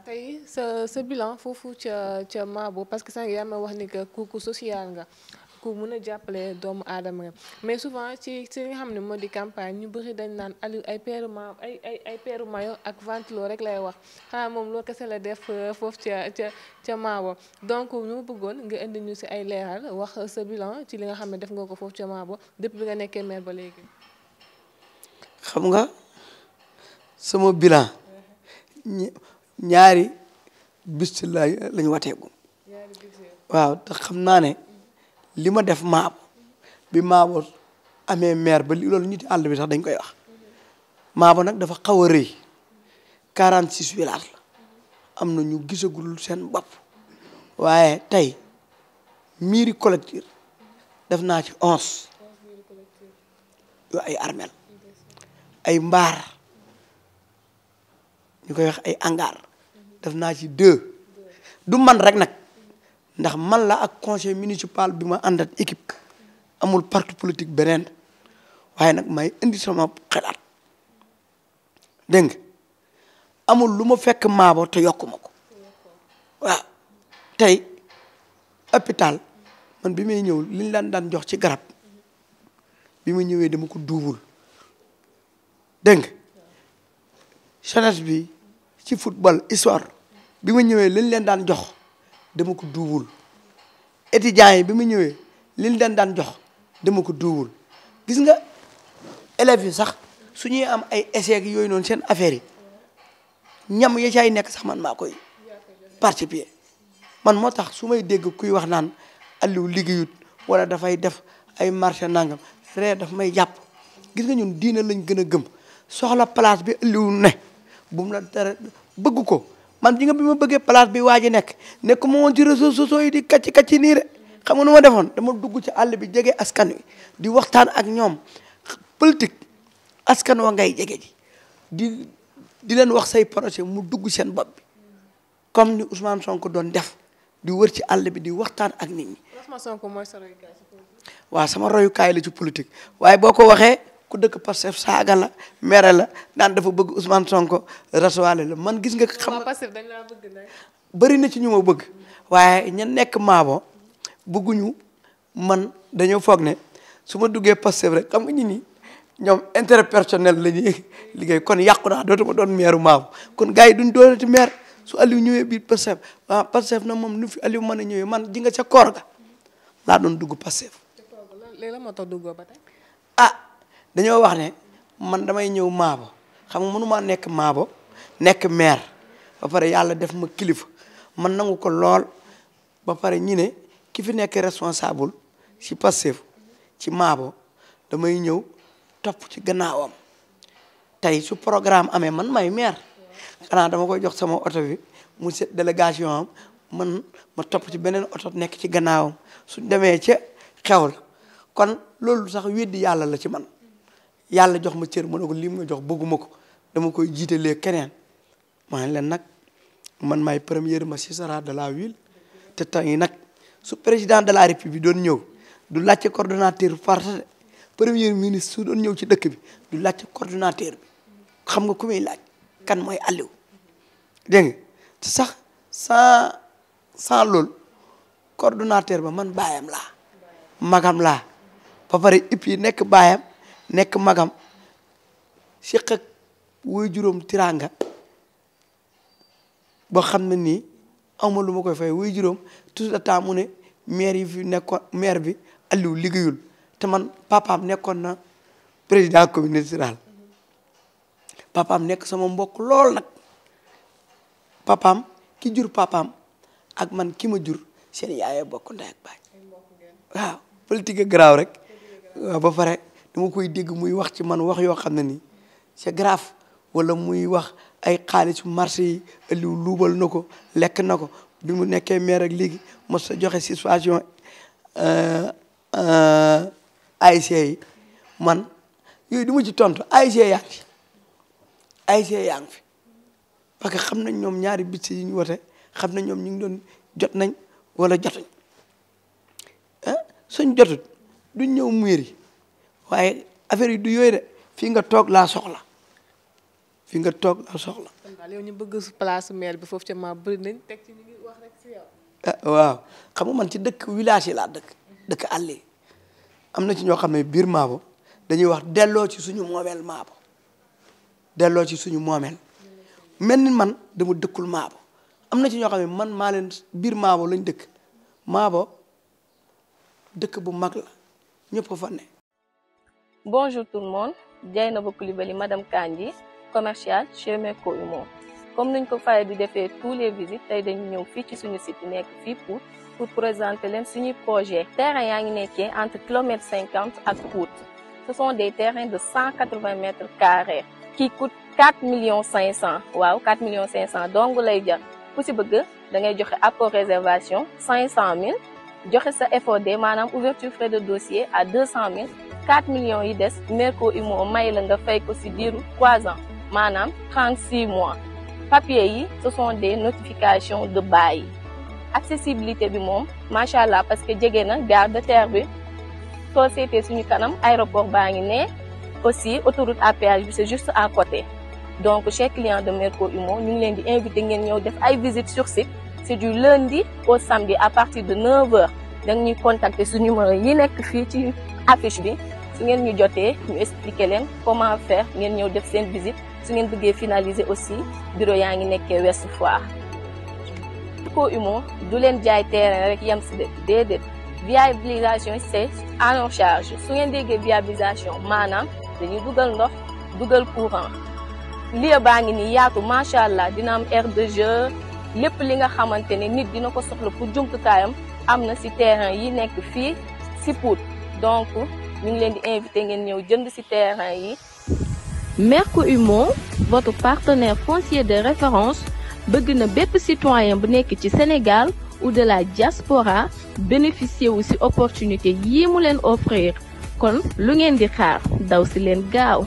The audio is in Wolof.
tey sa bilan foofu ca ca Maabo parce que sànq yaa ma wax ni que ku ku social nga ku mën a jàppale doomu aadama nga mais souvent ci ci li nga xam ne moo di campagne ñu bëri dañ naan Aliou ay peeru ma ay ay ay mayo ak ventilo rek lay wax xanaa moom loo kese la def euh, foofu ca ca ca Maabo donc ñu ma bëggoon nga si ay leeral wax sa ci li nga xam ne def nga ko foofu ca Maabo depuis bi nga nekkee maire ba léegi. nga sama bilan. ñaari bis la lañu wateegu waaw te xam naa ne li ma def maabo bi maabo amee maire ba li loolu ñiti àll bi sax dañ koy wax maabo nag dafa xaw a rëy quarante six village am na ñu gisagul seen bopp waaye tey miiri collectif def naa ci onze yoo ay armel ay mbaar ñu koy wax ay angaar def naa ci deux du man rek nag ndax man la ak conseil municipal bi ma àndat équipe amul parti politique beneen waaye nag may indi sama xelaat dégg nga amul lu ma fekk maabo te yokku ma ko waaw tey hôpital man bi may ñëw liñ laan daan jox ci garab bi ma ñëwee dama ko duubul dégg nga jeunesse bi ci football histoire bi ma ñëwee liñ leen daan jox dama ko duubul étudiants yi bi ma ñëwee liñ leen daan jox dama ko duubul gis nga élèves yi sax su ñuy am ay essais yooyu noonu seen affaire yi ñam ya caay nekk sax man maa koy parce participer man moo tax su may dégg kuy wax naan Aliou liggéeyut wala dafay def ay marché nangam ree daf may jàpp gis nga ñun diine lañ gën a gëm soxla place bi Aliou ne bu la dara bëgg ko man ji nga bi ma bëggee place bi waa ji nekk nekk ma woon ci réseaux sociaux yi di kacci kacci nii rek xam nga nu ma defoon dama dugg ci àll bi jege askan wi di waxtaan ak ñoom politique askan wa ngay jege di di leen wax say projet mu dugg seen bopp comme ni Ousmane Sonko doon def di wër ci àll bi di waxtaan ak nit ñi. Ousmane Sonko mooy sa royukaay. waaw sama royukaay ci politique waaye boo ko waxee. ku dëkk Pastef saaga la mere la naan dafa bëgg Ousmane Sonko rasuwaale la man gis nga. xam nga Pastef dañ laa bëgg bëri na ci ñu ma bëgg waaye ña nekk maabo bëgguñu man dañoo foog ne su ma duggee Pastef rek xam nga ñi ni ñoom intérêt personnel la ñuy liggéey kon yàqu naa dootuma doon meeru maabo kon gars yi duñ doonati meer su Aliou ñëwee biir Pastef waaw Pastef na moom nu fi Aliou mën a ñëwee man ji nga ca koor ga laa doon dugg Pastef. léegi la moo tax duggoo ba dañoo wax ne man damay ñëw maabo xam nga mënumaa nekk maabo nekk maire ba pare yàlla def ma kilifa man nangu ko lool ba pare ñi ne ki fi nekk responsable ci Pastef ci maabo damay ñëw topp ci gannaawam tey su programme amee man may maire xanaa dama koy jox sama oto bi mu set délégation am man ma topp ci beneen oto nekk ci gannaawam su demee ca xew la kon loolu sax weddi yàlla la ci man yàlla jox ma cër ma ne ko li mu ma jox bëgguma ko dama koy jiitalee keneen maa ngi leen nag man maay premier magistrat de la ville te temps yi nag su président de la république doon ñëw du laajte coordonnateur parti premier ministre su doon ñëw ci dëkk bi du laajte coordonnateur bi xam nga ku laaj kan mooy Aliou dégg nga te sax sans sans loolu coordonnateur ba man baayam laa magam laa ba pare ip yi nekk baayam nekk magam siq ak woy juróom tiraanga boo xam ne nii amul lu ma koy fay woy juróom tout le temps mu ne maire yi fi nekkoon maire bi Aliou liggéeyul te man papam nekkoon na président communauté rurale papaam nekk sama mbokk lool nag papam ki jur papam ak man ki ma jur seen yaayee bokk ndey ak baay waaw politique garaaw rek waaw ba dama koy dégg muy wax ci man wax yoo xam ne ni c'est grave wala muy wax ay xaalisu marché yi Aliou luubal na ko lekk na ko bi mu nekkee maire ak léegi mos sa joxe situation euh, euh, ASC yi man yooyu du ma ci tontu ASC yaa ngi fi ASC yaa ngi fi parce que xam nañ ñoom ñaari bits yi ñu wote xam nañ ñoom ñu ngi doon jot nañ wala jotuñ ah suñ jotut duñ ñëw mairie waaye affaire yi du yooyu de fii nga toog laa soxla fii nga toog laa soxla. yow bi foofu ca bëri nañ teg ci ci ah, waaw xam nga man ci dëkk village yi laa dëkk dëkk àll am na ci ñoo xam ne biir Maabo dañuy wax delloo ci suñu moomeel Maabo delloo ci suñu moomeel mel ni man dama dëkkul Maabo am na ci ñoo xam ne man maaleen leen biir Maabo lañ dëkk Maabo dëkk bu mag la ñëpp ne. Bonjour tout le monde, Dieynaba Coulibaly madame Kandji commerciale chez Meco Humo comme nuñ ko faye di defee tous les visites tey dañu ñëw fii ci suñu site nekk fii Pout pour présenter leen suñu projet terrain yaa ngi nekkee entre kilomètres cinquante ak Pout ce sont des terrains de cent quatre-vingts mètres carrés qui coûte quatre millions cinq cent waaw quatre millions cinq cent dong lay jar pou si bëgg da ngay joxe apport réservation cinq cent mille joxe sa FOD maanaam ouverture frais de dossier à deux cent mille 4 millions yi des Merco Imo may la nga fay ko ci diiru 3 ans maanaam 36 mois papier yi ce sont des notifications de bail accessibilité bi moom macha allah parce que jege na gare de terre bi soo seetee suñu kanam aéroport baa ngi ne aussi autoroute à péage bi c'est juste à côté donc chers clients de Merco Imo ñu ngi leen di invité ngeen ñëw def ay visites sur site c'est du o au samedi à partir de 9h da ñuy contacter su numéro yi nekk fii ci affiche bi. su ngeen ñu jotee ñu expliquer leen comment faire ngeen ñëw def seen visite su ngeen bëggee finaliser aussi bureau yaa ngi nekkee Ouest Foire. Kiko Humo du leen jaay terrain rek yem si déedéet viabilisation c'est en charge su ngeen déggee viabilisation maanaam dañuy dugal ndox dugal courant. lieu baa ngi nii yaatu macha allah dina am aire lépp li nga xamante ne nit dina ko soxla pour jumtukaayam am na si terrain yi nekk fii si Pout donc. ñu ngi leen di invité ngeen ñëw jënd ci terrain yi. Merco Humo votre partenaire foncier de référence bëgg na bépp citoyen bu nekk ci Sénégal ou de la diaspora bénéficier wu ci opportunité yii mu leen offrir kon lu ngeen di xaar ndaw ci leen gaaw.